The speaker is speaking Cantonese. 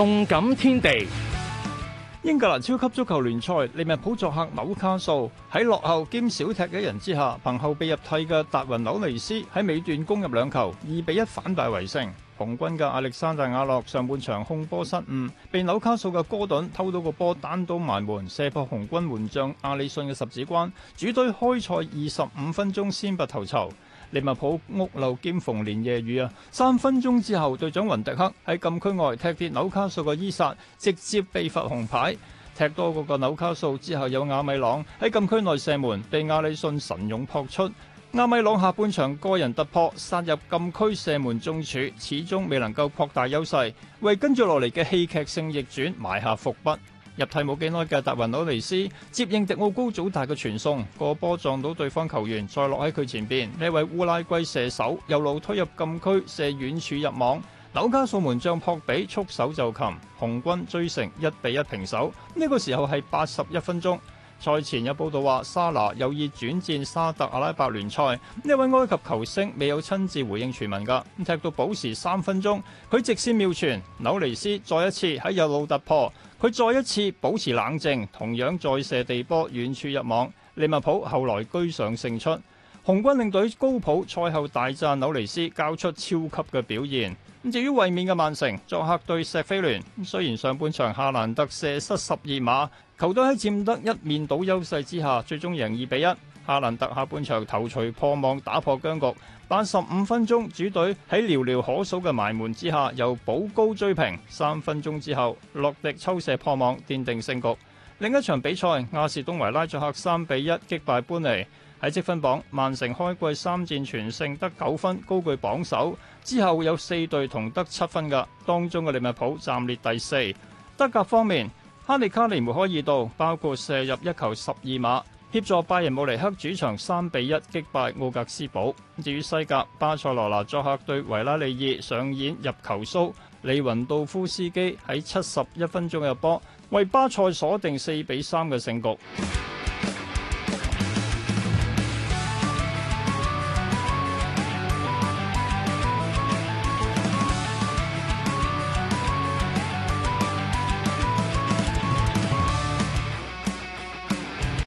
動感天地，英格蘭超級足球聯賽，利物浦作客紐卡素，喺落後兼少踢一人之下，憑後備入替嘅達雲紐尼斯喺尾段攻入兩球，二比一反敗為勝。紅軍嘅阿力山大亞洛上半場控波失誤，被紐卡素嘅哥頓偷到個波，單刀埋門射破紅軍門將阿里遜嘅十指關，主隊開賽二十五分鐘先拔頭籌。利物浦屋漏兼逢連夜雨啊！三分鐘之後，隊長雲迪克喺禁區外踢跌紐卡素嘅伊薩，直接被罰紅牌。踢多個個紐卡素之後，有亞米朗喺禁區內射門，被亞里遜神勇撲出。亞米朗下半場個人突破，殺入禁區射門中柱，始終未能夠擴大優勢，為跟住落嚟嘅戲劇性逆轉埋下伏筆。入替冇幾耐嘅達雲努尼斯接應迪奧高祖達嘅傳送，個波撞到對方球員，再落喺佢前面。呢位烏拉圭射手右路推入禁區，射遠處入網。紐卡素門將撲比束手就擒，紅軍追成一比一平手。呢、這個時候係八十一分鐘。賽前有報道話，沙拿有意轉戰沙特阿拉伯聯賽。呢位埃及球星未有親自回應傳聞噶。踢到補時三分鐘，佢直線妙傳紐尼斯，再一次喺右路突破。佢再一次保持冷靜，同樣再射地波，遠處入網。利物浦後來居上勝出。紅軍領隊高普賽後大讚紐尼斯交出超級嘅表現。咁至於衛冕嘅曼城作客對錫菲聯，雖然上半場夏蘭特射失十二碼，球隊喺佔得一面倒優勢之下，最終贏二比一。夏蘭特下半場頭槌破網打破僵局，但十五分鐘主隊喺寥寥可數嘅埋門之下，由保高追平。三分鐘之後，洛迪抽射破網奠定勝局。另一場比賽，亞士東維拉作客三比一擊敗班尼。喺積分榜，曼城開季三戰全勝得九分，高居榜首。之後有四隊同得七分嘅，當中嘅利物浦暫列第四。德甲方面，哈利卡尼梅開二度，包括射入一球十二碼，協助拜仁慕尼黑主場三比一擊敗奧格斯堡。至於西甲，巴塞羅那作客對維拉利爾上演入球蘇，利雲道夫斯基喺七十一分鐘入波，為巴塞鎖定四比三嘅勝局。